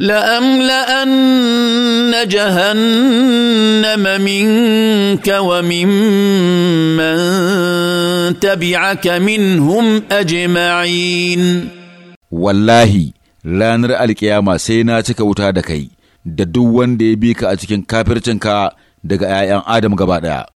لأملأن جهنم منك وممن من تبعك منهم أجمعين والله ranar alƙiyama sai na cika wuta da kai da duk wanda ya bi ka a cikin kafircinka daga 'ya'yan Adam gaba ɗaya.